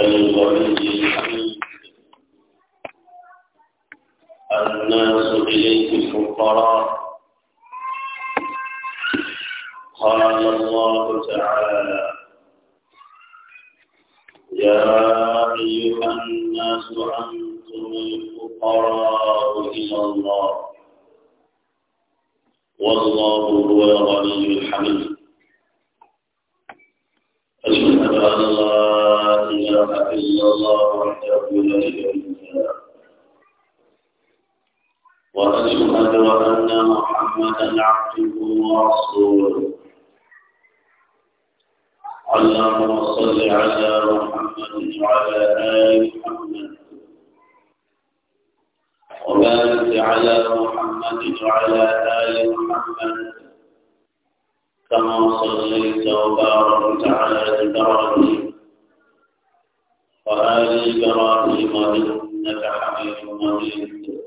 الغني الحميد الناس إليه الفقراء اللهم صل على محمد وعلى آل محمد وبارك على محمد وعلى آل محمد كما صليت وباركت على إبراهيم وآل إبراهيم إنك حميد مجيد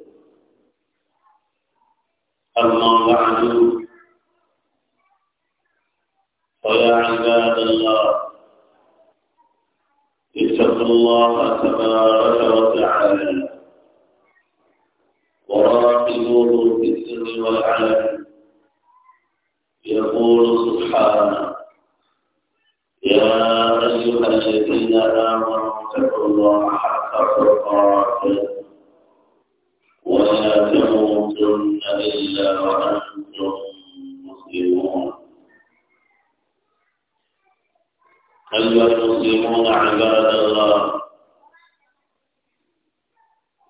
أما بعد ويا عباد الله اتقوا الله تبارك وتعالى وراقبوه في السر والعلن يقول سبحانه يا ايها الذين امنوا اتقوا الله حق تقاته ولا تموتن الا وانتم مسلمون هل المسلمون عباد الله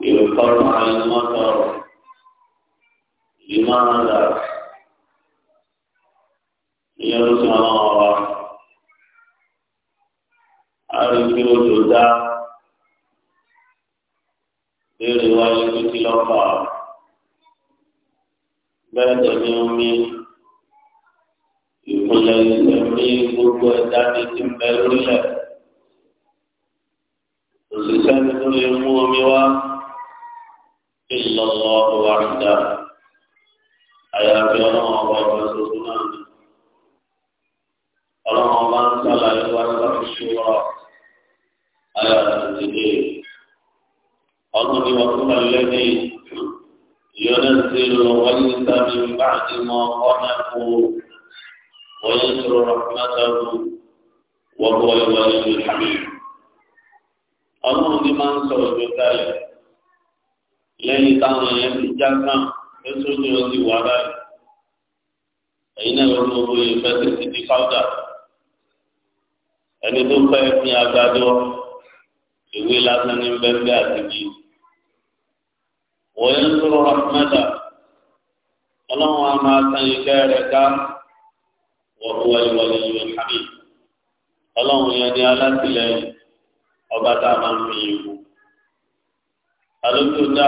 يقر على المطر لماذا يرسل الله أرجو جزاء برواية تلقى بعد يوم يقول لي gbogbo ẹ̀dá mi ti ń bẹ lórílẹ̀. òṣìṣẹ́ mi tó lè mú omi wá ìlọ́lọ́ wa ń dà. àyàfi ọlọ́run ọba ọba ṣoṣo náà ni. ọlọ́run ọba ń sàlàyé wá láti ṣúra àyàfi ìdílé. ọdún ni wọ́n tún lẹ́ni ينزل الغيث من بعد ما ظننوا وينشر رحمته وهو الولي الحميد ọlọ́run ní máa ń sọ òjò kalẹ̀ lẹ́yìn táwọn èèyàn ti já kàn pé sójú ó sì wà báyìí èyí náà ló gbogbo ìfẹ́ sí ti di fáwùdà ẹni tó fẹ́ fi àgbàdo ìwé lásán ní bẹ́ẹ̀ àti bí wọ́n ń sọ̀rọ̀ rahmada ọlọ́run a máa san ìkẹ́ rẹ̀ ká. وهو الولي الحميد اللهم يا دي على تلين ọba tá a máa ń fi ìwò alójú dá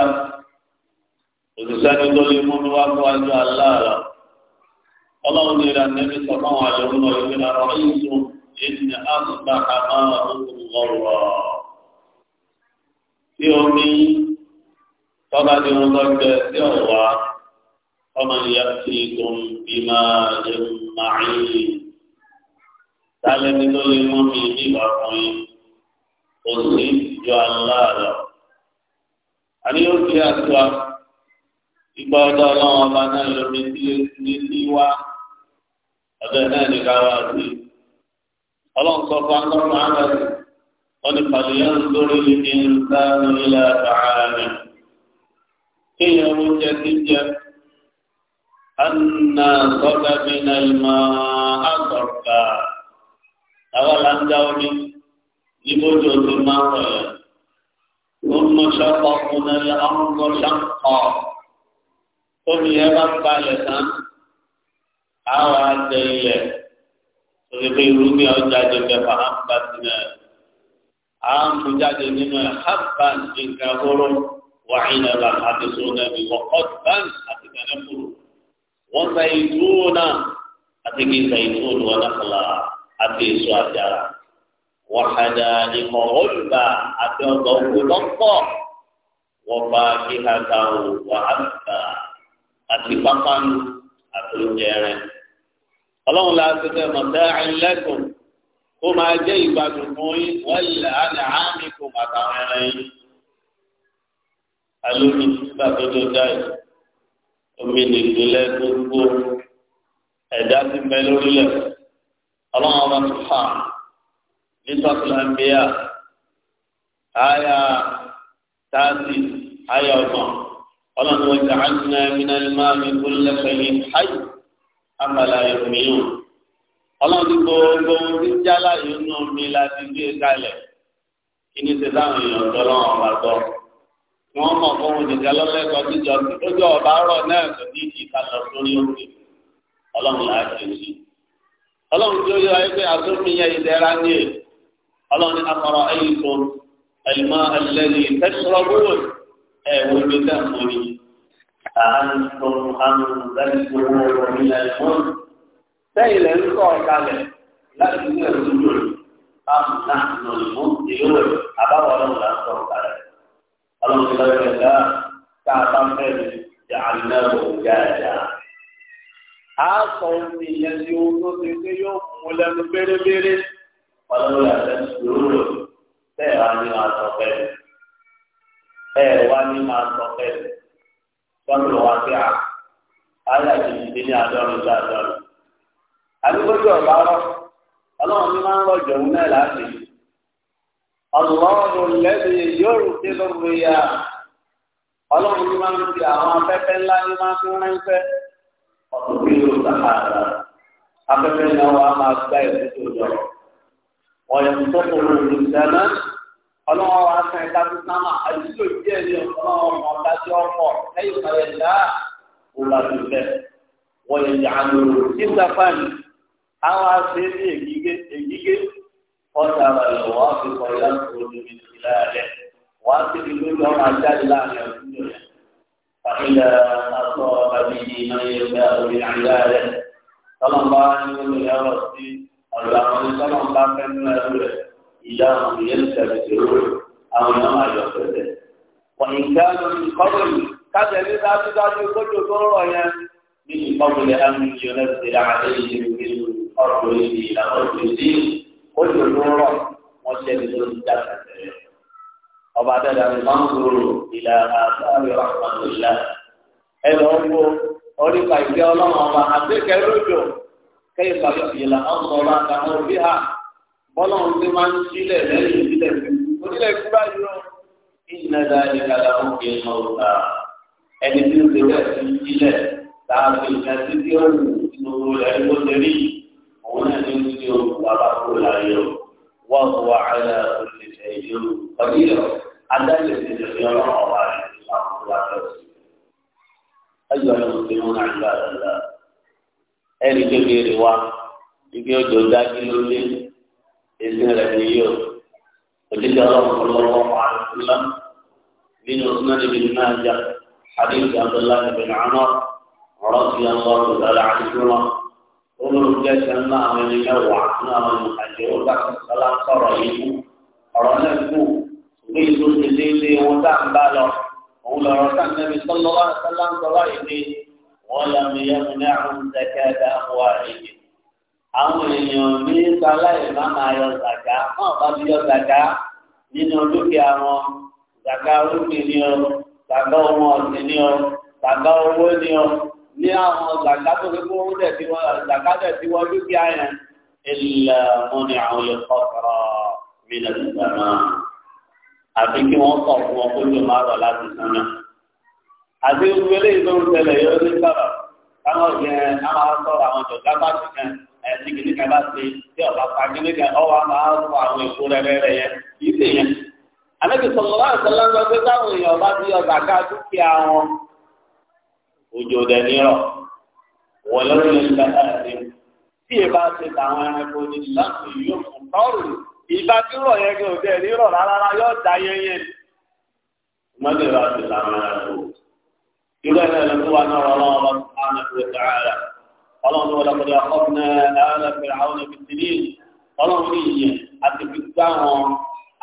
òṣìṣẹ́ ní tó lè mú mi wá fún ajọ́ aláàlá ọlọ́run ní ìlànà ẹni sọ fún àwọn àjọ náà ìwé ara ìṣó ìní àmúta àmà òkú ọ̀rọ̀ tí omi tọ́ba ní wọn lọ́gbẹ́ sí ọ̀wá ọmọ ìyá ti tó ń bí máa lẹ́nu. أجمعين تعالى نقول المؤمنين بأقوين قصيد جو الله له أن يوكي أسوا إبادة الله وبنا يومي سيوا أبنا نكواتي الله سبحانه وتعالى قد فلينظر الإنسان إلى طعامه كي يوجد جد anna sọ́dọ̀bìnà ìmọ̀ àtọ̀ka àwọn làǹdà omi níbojì òtún máa ń rọ̀lẹ́ ọmọ ṣọ́kọ̀ ọkùnrin ọmọ ṣọ́kọ̀ omi yẹn bá ń balẹ̀ tán àwọn àtẹ ilẹ̀ òṣèlú ìrúmi ọjà jẹjẹ fàámbà sílẹ̀ àmújáde nínú ẹ̀ hábàn nǹkan hóró wàhíńdà bá àti sọ́dọ̀bì wọ́n kọ́ bá àti kẹ́lẹ́ kúrò wọ́n sa ìlú náà àti kí n sa ìlú òdu wọn náà kọlá àti èso àjàrà wàhádà ìmọ̀ olùbà àti ọgbà òkú lọ́pọ̀ wọ́n bá kí ha ta ò wàhálà àti pápánu àti oúnjẹ rẹ̀. ọlọ́run la ti fẹ́ mọ̀tẹ́ àìlẹ́kùn kó máa jẹ́ ìgbádùn fún yín wọ́n lè àlẹ́ àmì kò bàtà rẹ̀ rẹ̀ yín. alómi nígbà tó tó dá yìí omi nìgbélé gbogbo ẹ̀dá ti bẹ lórílẹ̀ ọlọ́run ọba tó fà nítorí àmbíyà àyà tààtì àyà ọgbọ̀n ọlọ́run wọn jà án ní ẹ̀mínà máa mi kú lẹ́fẹ̀ẹ́ háyì àmàlà ìmìíràn ọlọ́run ti gbogbo ohun yìí nù mí láti gbé kalẹ̀ kí ni ṣe táwọn èèyàn tọ́lọ́run ọba wọn mọ fún olùdíje lọlẹsọ níjọ lójú ọba rọ náà tó ní ìta lọ sórí òkè Ọlọ́run là á ṣe sí Ọlọ́run tó yọ ẹgbẹ àtúnfìyẹ ìdẹra ní è Ọlọ́run ní akọrọ ẹ̀yìn tó ẹlùmọ ẹlẹyìn tẹsán gbọwọ ẹ wọlé dẹkùn omi àánú àánú lẹsùn owó omi ẹ̀gbọ́n sẹ́yìn lẹ ń kọ ọkalẹ láti ní ẹsùn lórí àmì náà lòlùmọ ìlú rẹ àbáwọ Ọlọ́run là ń kọ ọkalẹ ọlọ́run ti lọ́ọ́ kẹta tá a bá fẹ́ ṣe àlùmọ́ọ̀rù jáàjá. a sọ omi yẹn tí o tó ti ṣe yóò mú lẹ́nu bérebére ọlọ́run yàtọ̀ sùúrù bẹ́ẹ̀ wá ní máa sọ bẹ́ẹ̀ bẹ́ẹ̀ wá ní máa sọ bẹ́ẹ̀ sọ́kùnrin wá sí à ayé àti ní àdọ́rin sí àdọ́rin. àdúgbò tí ọ̀gá rọ ọlọ́run ní máa ń rọ̀jò òun náà láti الله الذي يرسل الرياح ọlọ́run ní máa ń fi àwọn afẹ́fẹ́ ńlá ní máa fi ránṣẹ́ ọ̀tún bí yóò sàkàrà afẹ́fẹ́ náà wà á máa gba ìdúró lọ. ọ̀yọ̀ tó kò rò ní sẹ́nà ọlọ́run wa sàn ẹ̀ka tó sámà àdúgbò díẹ̀ ní ọ̀sán ọmọ dájọ́ ọ̀pọ̀ lẹ́yìn ìpàdé ńlá kò là lù bẹ́ẹ̀. wọ̀nyẹ̀ yàgò sísàfàní àwọn aṣèlú ègígé قدر الوافق يخرج من خلاله واثق منه ما جل عن فإذا أصاب به من يشاء من عباده صلى الله عليه وسلم يا ربي اللهم صل وسلم إلى أن يلتبسون أو ما يقتل وإن كانوا من قبل كذا لذا تدعي كل ضرورة من قبل أن ينزل عليهم من قبله إلى قبل الدين ó lò lóró wọn ṣẹlẹ̀ lórí jáde tẹ́lẹ̀ ọba dada ní máa ń gbòòrò ìlà àtàrí ọ̀hún ìlà ẹ lọ wo orípa ìgbẹ́ ọlọ́run ọba àgbékẹ́ lójó kẹ́yìn pàlọ́ ìlà ọ̀sọ̀rọ̀ àtàwọn òbí ha bọ́lá òun ti máa ń sílẹ̀ lẹ́yìn ìbílẹ̀ onílẹ̀ kúrá yìí lọ ìnàdà ìkàlà òkè ọ̀tà ẹni tí ó ti bẹ́ẹ̀ sí sílẹ̀ tààbí ìkàtí tí ó wù nínú rẹ̀ ló ti rí yìí bàbá kúrò láyé o wọ́n kó wa àyà olùṣẹ́ yìí o ọdún yìí o adájọ́ ti lè fi ọlọ́run ọba rẹ̀ ní àwọn tó bá fẹ́ o. ayọ̀ ni mo ti mú náà nígbà dáadáa ẹnì kékeré wa ike odò dájú lóde èsì rẹ̀ ni yìí o òdìjà ọlọ́run lọ́wọ́ àwọn ìlú nínú sunan ibi náà jà àdéhùn abdullahi bin amr rọ́ọ̀tì àwọn ọ̀dọ́ olùjẹ sẹ́nu àwọn ẹni mẹ́wàá náà wọn ní àjẹwò gbàgbọ́ sọ́lá sọ̀rọ̀ ikú ọ̀rọ̀ náà kú ṣùgbọ́n èso ti déédé wọn tá à ń bá lọ òun lọ̀rọ̀ sáńtẹ́bí sọ́lọ́wọ́ sọ́lá ń sọ́lá ìdí wọn làmì yẹnu ní àwọn ìdẹ́kẹ́dá wa ìdí. àwọn èèyàn ní sáláì má máa yọ zàká náà bá ti yọ zàká nínú dúkìá wọn zàká rúbì ni ọ zàká ọmọ ọ̀sìn ni ọ zàká owó ni ọ ní àwọn gbàgbá tó fi kún dẹ̀ tí wọ́n gbàgbá dẹ̀ tí wọ́n dúkìá yẹn ilẹ̀ wọn ni àwọn yóò kọ́kọ́rọ́ mílẹ̀ nígbà náà àfi kí wọ́n kọ̀ fún wọn kó lè má rọ̀ láti sánà. àti ìwélé ìlú tẹlẹ yóò ní sọ̀rọ̀ káwọn yẹn á máa sọ̀rọ̀ àwọn jọ̀gá bá ti kàn ẹ̀sì kìnnìkan bá ti tí ọ̀bá pa kìnnìkan ọwọ́ á máa sọ àwọn èkó rẹ̀rẹ̀rẹ̀ yẹn kì òjò dẹni rọ wọlé ló ń bẹ láti tí ì bá ti tàwọn ẹranko ní láti yóò fún tọrù ìbá tí rọ yẹn kí òjò ẹni rọ rárá yóò da yẹnyẹ mọdé bá ti tàwọn ẹranko irú ẹni ẹni tó wà náà Ọlọ́run ọba sùpánà tó tẹ ara Ọlọ́run tó wọlé kọjá ọkùnrin ẹlẹ fẹrẹ àwọn ẹbí tìlí Ọlọ́run ní ìyẹn àti fi gbá wọn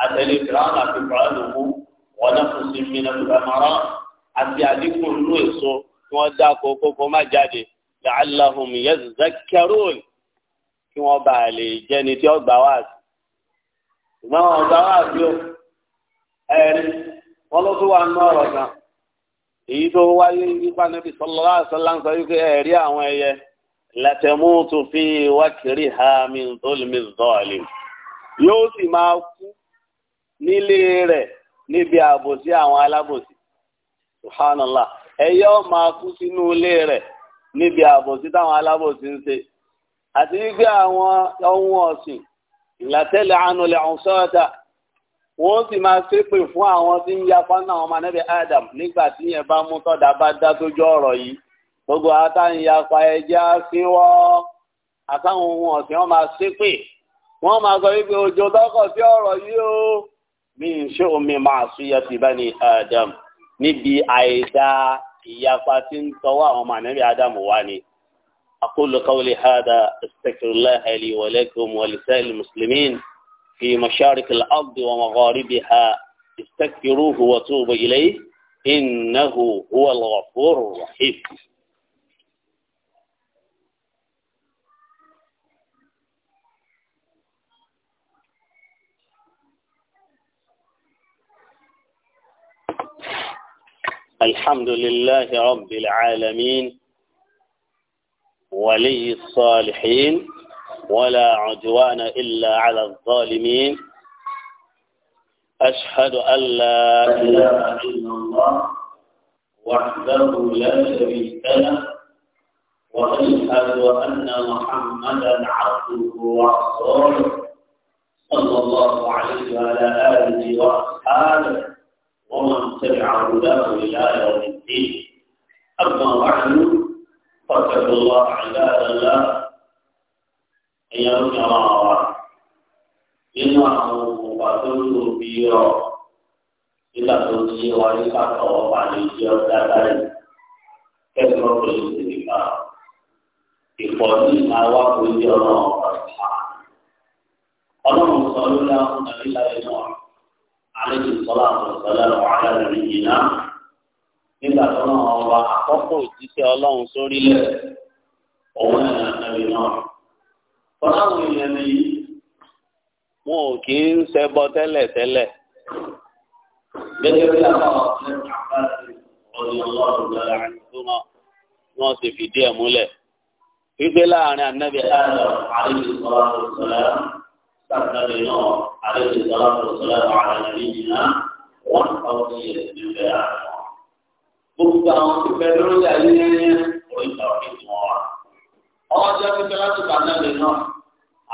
àtẹlẹ fẹrẹ àti fẹrẹ lòmú wọn náà fún sí mi náà tó bá mọ àti àdínkù nínú èso kí wọ́n dá kókó má jáde la'allahum yazakkarun kí wọ́n bá lè jẹni tí ó gbà sí. ìgbà wọn gbà wá sí o wọn ló tún wà ń nọ̀rọ̀ kan èyí tó wáyé nípa níbi sallallahu àwọn ẹyẹ fi yóò sì máa kú nílé níbi àbòsí àwọn ẹyẹ ọ máa kú sínú ilé rẹ̀ níbi àbòsí táwọn alábòsí ń ṣe àti wípé àwọn ohun ọ̀sìn ìlàtẹ́lẹ̀ ànulẹ̀ ọ̀sọ́ọ̀tà wọ́n sì máa ṣépè fún àwọn tí ń yapa náà ọmọ anábẹ́ Adam nígbà tí yẹn bá mú tọ́da bá dá tójú ọ̀rọ̀ yìí gbogbo ata ń yapa ẹja sí wọ́n àtàwọn ohun ọ̀sìn wọn máa ṣépè wọ́n máa sọ wípé òjò tọkọ̀ sí ọ̀rọ̀ yìí o mi ń ṣe omi máa ṣúyẹ́ ti bá ní Adam níbi àìdáa ìyapa tí ń tọwọ́ àwọn ọmọ أقول قولي هذا أستغفر الله لي ولكم ولسائر المسلمين في مشارق الأرض ومغاربها استغفروه وتوبوا إليه إنه هو الغفور الرحيم الحمد لله رب العالمين ولي الصالحين ولا عدوان إلا على الظالمين أشهد أن لا إله إلا الله وحده لا شريك له وأشهد أن محمدا عبده ورسوله صلى الله عليه وعلى آله وأصحابه ومن تبع هداه إلى يوم الدين أما بعد فاتقوا الله عباد الله أن يرجع الله إنه مقاتل كبيرا إذا تنسي ọlọ́run sọ lórí àwọn àlejò sọlá àtọ̀sọ̀lá wàhálà lórí yìí náà nígbà tó náà wọn wá àkọ́kọ́ òjíṣẹ́ ọlọ́run sórí lẹ̀ òun ẹ̀ nàbí náà. fọláwọn èèyàn ni wọn ò kì í ṣẹbọ tẹ́lẹ̀ tẹ́lẹ̀. gẹ́gẹ́ bí àbáwọ̀ ọ̀sẹ̀ ọlọ́run lọ́la àti wọn sì fìdí ẹ̀ múlẹ̀. wípé láàrin ànábì àlọ́ àlejò sọlá àtọ̀sọ̀lá sàtàlẹ̀ náà. عليه الصلاة والسلام على نبينا والتوحيد بالله gbogbo àwọn tó fẹ́ lórí ayé yẹn orí ìtàwé tó wọn wá. ọmọ tí a ti fẹ́ láti bàtà lè náà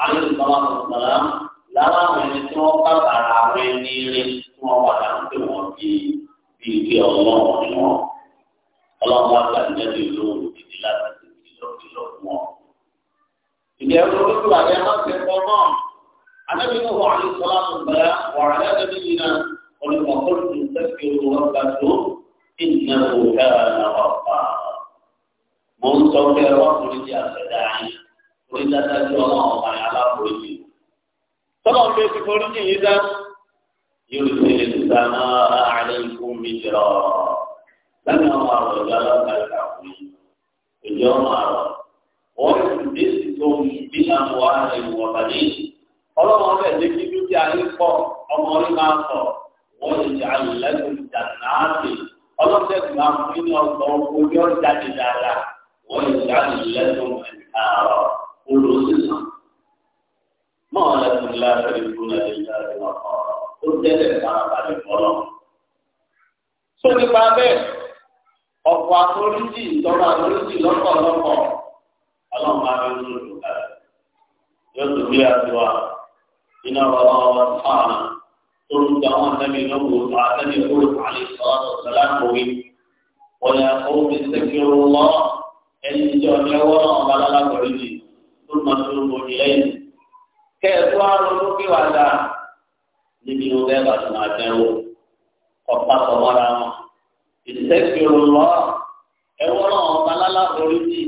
àlè ìtàwé àtàlà lára àwọn ẹni tí wọ́n bá bàrà àwọn ẹni ilé tí wọ́n wà láti pé wọ́n bí bí ìgbé ọlọ́run ni wọ́n. ọlọ́run wá gbà nílẹ̀ bí olóòrùn gidi láti ti kìlọ̀ kìlọ̀ fún wọn. ìgbẹ́ olóòrùn àti ẹ̀rọ ti pọ̀ náà. على نبيه عليه الصلاة والسلام وعلى نبينا قل وقلت استغفروا ربكم إنه كان غفارا من سوف رب رجع سداعي ورجع تأتي الله تعالى على فرجي طبعا في فرجي إذا يرسل السماء عليكم مجرارا لن يرى رجالا فالكعبين اليوم أرى ويمددكم بأموال وبنين ọlọ́run ọbẹ̀ lé kí dúkìá yín pọ̀ ọmọ yín máa sọ wọ́n lè ṣe àlùlẹ́kùn ìjànàáfì ọlọ́sẹ̀kùn máa fún yín ọ̀sán ojú ọjà ti dáadáa wọ́n lè ṣe àlùlẹ́kùn ìjànàáfì olùsísàn. mọ́ ọ̀lẹ́kùn láti fún ẹ̀yà ìwà ọ̀rọ̀ ó tẹ́lẹ̀ farabalẹ̀ fọlọ́. sọ nípa bẹ́ẹ̀ ọ̀pọ̀ àforíjì ìtọ́rọ àforíjì lọ́pọ̀lọpọ̀ ọlọ́run máa ń lò lò iná ọ̀rọ̀ ọ̀rọ̀ fáànà tó ń gba àwọn àtẹ́bí lọ́wọ́ àtẹ́bí kúrò àlè sọ́ọ́tò sàlámùwí wọ́n yà kó fi sẹ́kìrì lọ ẹni tí ọ̀dẹ́ wọ́n ọba lálákọ̀ọ́ yìí tó máa tó ń bọ̀dì lẹ́yìn. kẹ́ẹ̀tọ́ àrùn ló gbé wá dà níbi ìwé bẹ́ẹ̀ bá tó máa jẹ́ wò ọ̀pá sọ̀mọ́ra wọn. ìsẹ́kìrì lọ ẹwọ́n ọba lálákọ̀ọ́ yìí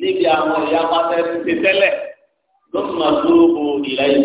níbi àwọn ìyá pátẹ́ ti tẹ́lẹ̀ ló máa tó ń bọ̀dì lẹ́yìn.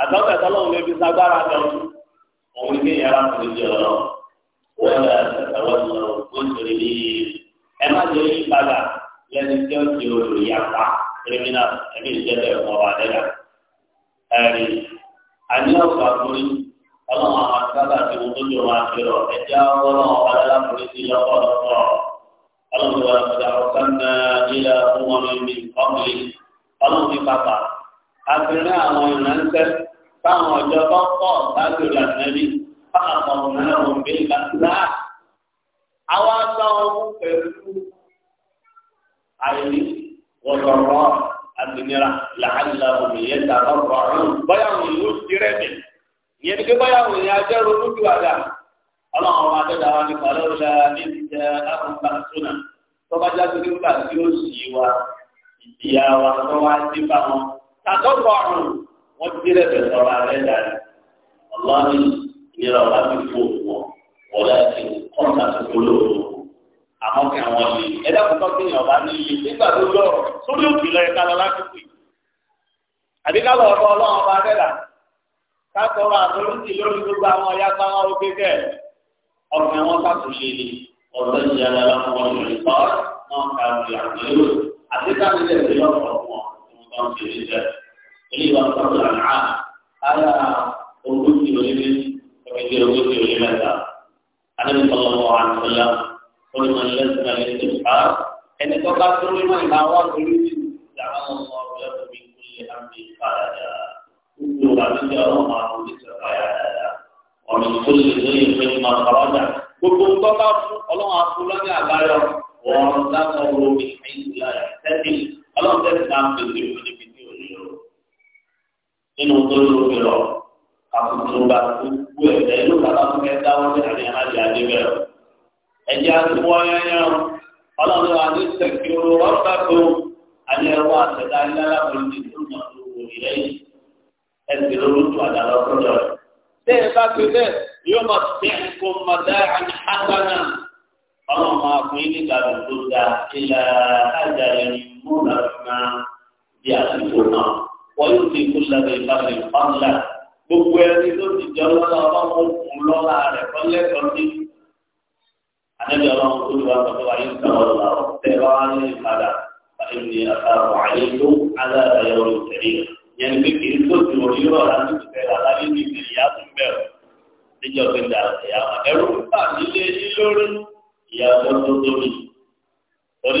àtọ́kẹ́ tọ́lọ́hún lè fi sagbára lọ òun ní yàrá tó jẹ ọ̀rọ̀ wọ́n lọ àwọn lọ gbóṣèré ní ẹ má jẹ́ yí padà lẹ́ni tí ó ti rò yàpá kírímínà ẹ̀mí ìjẹ́lẹ̀ ọ̀rọ̀ àdẹ́gà ẹ̀rí àní ọ̀gbà torí ọlọ́run àwọn akábà tí mo tó jọ máa fi rọ̀ ẹ̀jẹ̀ ọlọ́run ọ̀bàdàlà torí sí lọ́kọ̀ ọlọ́run wà lọ́kọ̀dà táwọn ọjọ́ bá pọ̀ sáájú lànàbí fáwọn ọmọ náà wọn bí lànà. Àwọn agbáwọn mú pẹ̀lú àìní wọ̀lọ̀rọ̀ àtìnira làálà òmìnira tàbá rọrùn. Bọ́yá àwọn ìlú ti rẹ̀ mi. Ìyẹn ni pé bọ́yá àwọn èèyàn ajẹ́ ronú ju àdá. Ọlọ́run ọba Adéda wa ni pàlọ́ ìlà ní ìjẹ́ àkùnkà súnà. Tọ́ba jáde nígbà tí ó sì wa ìdíyà wa bá wọn. Tàbá wọ́n ti dé lẹ́bẹ̀ẹ́ sọ̀rọ̀ alẹ́ dàrí ọlọ́ni ìlera ọ̀la ti fò wọ̀ ọ̀la ti kọ́ńtà tó polówó àwọn kí àwọn lè ẹ dákun tó kí ni ọba ní ilé nígbà tó lọ sórí òkè lọ ẹka lọ lásìkò yìí àbí ká lọ ọ̀dọ̀ Ọlọ́run ọba rẹlà ká tọrọ àtọrọsì lórí gbogbo àwọn ọyá táwọn oge kẹ ọkùnrin wọn ṣàtúnṣe ni ọ̀dọ̀ ìyára lọ́wọ́ eléyìí wà pàtó àná ara ogójì onílé ẹgbẹ́ ogójì onílé mẹ́ta adébí sọlọ mọ àtúnlá olùmọ lẹsùn àlẹ tó bá ẹni tó bá tó mímọ ìgbà wọn lórí ti ìdáná ọmọ ọ̀rẹ́ omi kúlẹ àmì ìfaradà gbogbo àtúnjẹ ọmọ àwọn oníṣẹ́ ọyà dáadáa ọmọ ìkúlẹ lórí ìfẹ́ ìmọ̀ ọlọjà gbogbo ń tọ́ka fún Ọlọ́run afúnlọ́ní àbáyọ wọn dáná omi ìfẹ́ ìlú tó lóbi lọ àtúntúnba gbogbo ẹ̀dá ìlú bàbá tó kẹ́ dáwọ́ ní àmì àjẹ àdébẹ̀ rẹ̀. ẹ̀jẹ̀ àtúntò ọ̀yẹ́yẹ́ ọlọ́run àti sẹ̀kìrò ọ̀pẹ̀kọ alẹ́ ẹ̀rọ àtẹ̀dá ìlànà pọ̀lìtì tó mọ̀ lóko ìlẹ̀ yìí ẹ̀sìn lórúkọ àdàlọ́ tọ́jọ́ rẹ̀. bẹ́ẹ̀ bá fi bẹ́ẹ̀ yóò máa tẹ̀ kó mọ̀dá àti àgbàna ọlọ́run máa fún yín nígbà tó dáa ìlà àjàlẹ̀ mú wọ́n yóò ti kú lábẹ́ ìbámu ìpamọ́lá gbogbo ẹni tó ti jẹ́ lọ́la ọlọ́run kún lọ́la rẹ̀ lọ́lẹ́kọ̀ọ́ sí. àdébí ọlọ́run tó ti wá sọ́kọ́ ayé ń sọ̀rọ̀ lọ́la ọ̀ tẹ́ wá ní ìpadà àti ní àtàwọn àyè tó aláàbàyọ̀ rẹ̀ tẹ̀lé yẹn pé kì í tó ti wọ̀ yúrọ̀ láti ti tẹ̀lé aláyé ní ìyá tó ń bẹ̀rù níjọ́ pé dà ẹ̀yà ẹ̀rù ń bà nílé lórí ìyá tó tó tóbi. torí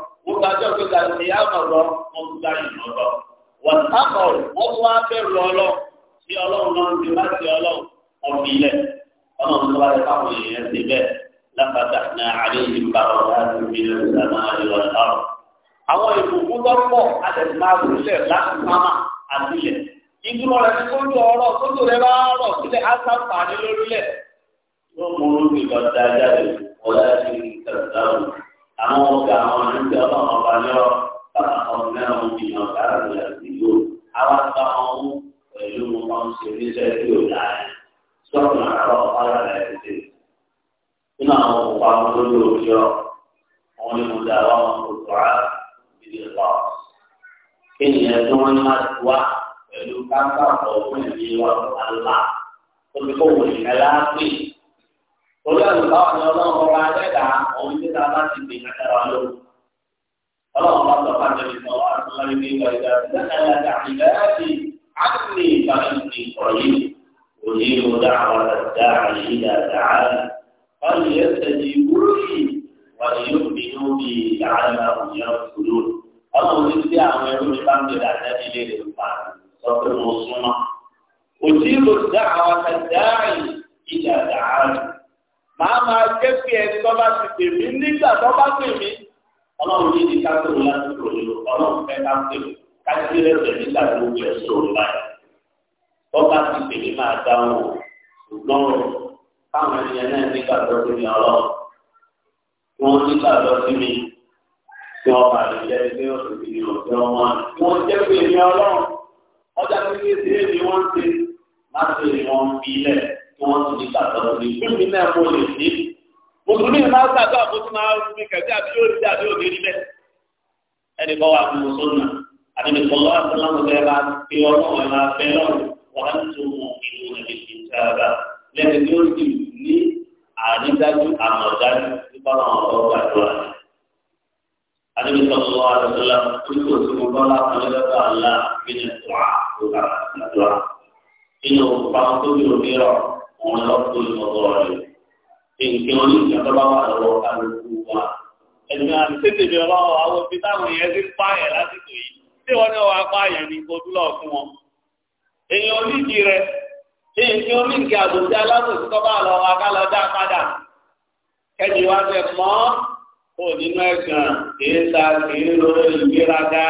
gbogbo àjọ tó ga ní àmọ lọ wọn tún dáyé lọlọ wọn àmọ wọn tún wá bẹ̀rù ọlọ sí Ọlọ́run náà ti wá sí Ọlọ́run ọmọ ilẹ̀ wá lè fáwọn èèyàn ti bẹ́ẹ̀ lápàtà náà àlejò bàbá wà lórí ìlànà àríwá ọ̀rọ̀. àwọn ìbùkún lọ́pọ̀ àtẹnumáwùlẹ láti máma àtìlẹ ìdúró rẹ ní kójú ọ̀rọ̀ kójú rẹ bá rọ sílẹ̀ àtàǹfààní lórílẹ̀. yóò mú orúkọ ìgbà dáadáa rẹ àwọn ọ̀gá àwọn àǹtí ọlọ́run ọba lọ bàbá ọ̀hún náà ń bí wọn kára ló yà sí yóò àwọn àgbà ọ̀hún pẹ̀lú wọn ṣe níṣẹ́ tí ò dáa sọ́ọ̀nù àárọ̀ ọ̀hárà rẹ̀ tètè nínú àwọn òkú àwọn olórí òjò àwọn ni mo dá àwọn òkúra ìdílé lọ kí ni ẹ tí wọ́n máa wá pẹ̀lú káńtà ọ̀gbìn ìlú wa alá tó fi kó wòlíkẹ́ láàpì torí àlùkò àwọn ni ọlọ́run ọba ẹlẹ́dà òun ti ta láti gbé kájára lóru ọlọ́run bá sọ fún àjẹmí sọ àtúnláyé ní ìgbà ìgbà ìgbà ìgbà láti àtúnlé ìbáraẹni ìkọ̀yé òní ló dá àwọn àdá àyíká dáhà wọn yẹ sẹni wúrí wọn yóò bí yóò bí ìdáhàlá òyìnbó kúrò ọlọ́run ti ti àwọn ẹrú mi bá ń bẹ̀rẹ̀ àjẹmí lè lè fà sọ pé mo súnmọ́ òní ló dá àwọn àdá àyíká dáhà màá máa jẹ́ pé ẹni tó bá ti pè mí nígbà tó bá pè mí ọlọ́run yìí ní ká tó lásìkò nínú ọlọ́run fẹ́ ká pè mí ká sí lẹ́sẹ̀ nígbà tó ń bẹ̀ sọ̀rọ̀ báyìí tó bá ti pè mí máa dáhùn ṣùgbọ́n káwọn ènìyàn náà nígbà tó ti ní ọlọ́run tí nígbà tó ti ní tí wọ́n bá lè jẹ́ ti di ọ̀sẹ̀ ọmọ rẹ̀ tí wọ́n jẹ́ pé èmi ọlọ́run ọjà pípé sí èmi wọ́n ń má kí wọ́n tún ní gbàgbọ́ lórí ìpínlẹ̀ náà mo lè ní. mùsùlùmí máa ń gbàgbọ́ àbójú máa ń fi kẹ̀kẹ́ àbí yóò di àbí òde rí bẹ́ẹ̀. ẹnì kan wà fún mùsùlùmí àdìmísọ̀lọ́ àtàlámọ̀tẹ́ ẹ̀ máa fi ọlọ́run ẹ̀ máa fẹ́ lọ́rùn wọ́n á tún mú ìlú rẹ̀ lè sára lẹ́nu tí ó sì ní àrídájú àmọ̀dájú nípa àwọn ọ̀rọ̀ gbàdúrà rẹ̀. àdìmísọ̀lọ́ àtàlámọ̀tẹ́ oníkó tí mo bá láwọn ẹlẹ́dọ̀ àlá gbé ní ìtura tó kára ìtura. inú pàmò tó bí òbí rọ̀ òun lọ tó ìmọ̀tọ́ rẹ̀ nǹkan oníjà tó bá wà lọ́wọ́ kálukú wa. ẹ̀sìn àti tètè mi ọlọ́wọ́ àwọn òbí táwọn èèyàn ti pààyàn lásìkò yìí tí wọ́n ní wọ́n apáàyàn ní ojúlọ̀ fún wọn. èèyàn oníjì rẹ̀ nǹkan oníjà àbòsí alábòsí tó bá lọ́wọ́ akálọ́ dá padà. kẹ́ni wá fẹ́ mọ́ kó nínú ẹ̀gàn kìí ta kìí ro ìgbéraga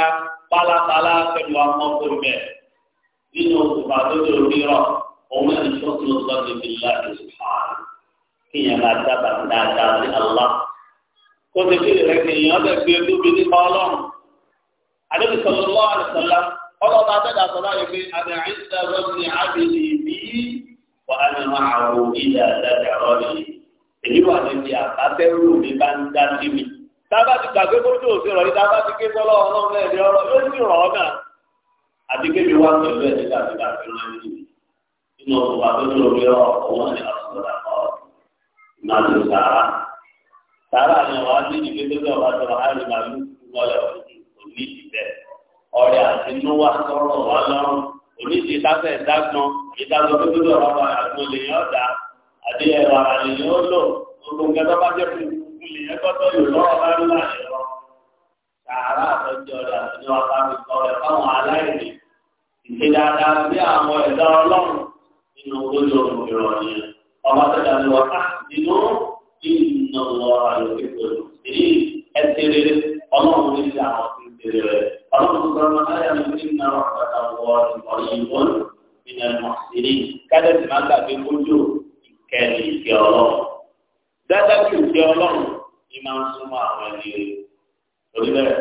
pálapàla kẹ́ni wá mọ́ kó bẹ̀ nínú òkùnfà tó tó rírọ̀. o ti fi rẹ̀ kí èèyàn bẹ̀ fi ojú bi nípa ọlọ́run. àdébí sọ̀rọ̀ lọ́wọ́ àdìsọ́lá ọlọ́run bá bẹ́ẹ̀ dàtọ̀ láyé wà ní máa mi bá ń dá sí mi. ti gbàgbé bójú òfin rọ̀ ti ké sọ́lọ́ ọlọ́run náà nínú ọ̀pọ̀ àtọ́jú omi ọ̀ òun ni àtúntà ọ̀ máa lò sàrà. Sàrà ni ọ̀wá ní ìgbé tó tẹ̀ ọ̀wá tó wà láti máa lù kú lọ́lẹ̀ òtútù òní ìbẹ̀. Ọ̀rẹ́ àti Núwà sọ̀rọ̀ wá lọ́rùn òní ti dáfẹ́ dágbọ́n ìdájọ́ tó tẹ̀ ọ̀wá wà àgbo lè yàn dá àti ẹ̀rọ ara lè yàn ó lò gbogbo nǹkan tó bá jẹ́ fún lè yàn kọ́tọ́ yò lọ́rọ̀ bá rí láàyè lọ. Sàrà àtọ́jú ọ̀rẹ́ àti Núwà bá mi kọ́ nínú gbọ́dọ̀ ìrọ̀ ni ọba tẹ́lẹ̀ ni wọ́n á nínú nínú lọ àlòkè pẹ̀lú èyí ẹsẹ̀ rere ọlọ́run ní ti àwọn ti ń tẹ̀lé rẹ̀ ọlọ́run sọ ma láyà ní kí n náà bàtà wọ ìkọ̀lẹ̀ ìbọn nínú ẹ̀mọ́ sílẹ̀ kádẹ́sì máa gbàgbé kójú ìkẹ́ni ìkẹ́ ọlọ́run dáadáa kí ìkẹ́ ọlọ́run ni máa ń súnmọ́ àwọn ẹni rẹ̀ torí bẹ́ẹ̀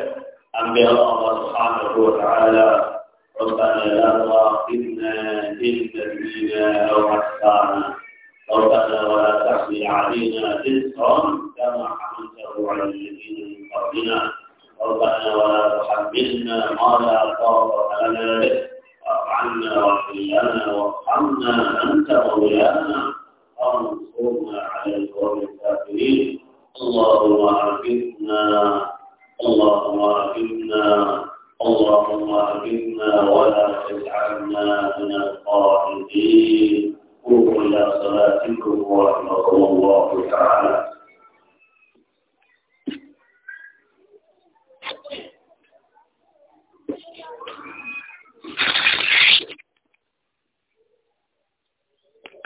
àmì ọlọ́run lọ ربنا لا تؤاخذنا إن نسينا أو أخطأنا ربنا ولا تحمل علينا رزقا كما حملته على الذين من قبلنا ربنا ولا تحملنا ما لا طاقة لنا به واعف عنا واغفر لنا وارحمنا أنت مولانا وانصرنا على القوم الكافرين اللهم أعفنا اللهم أعفنا اللهم اجبنا ولا تجعلنا من القائدين قوموا الى صلاتكم ورحمه الله تعالى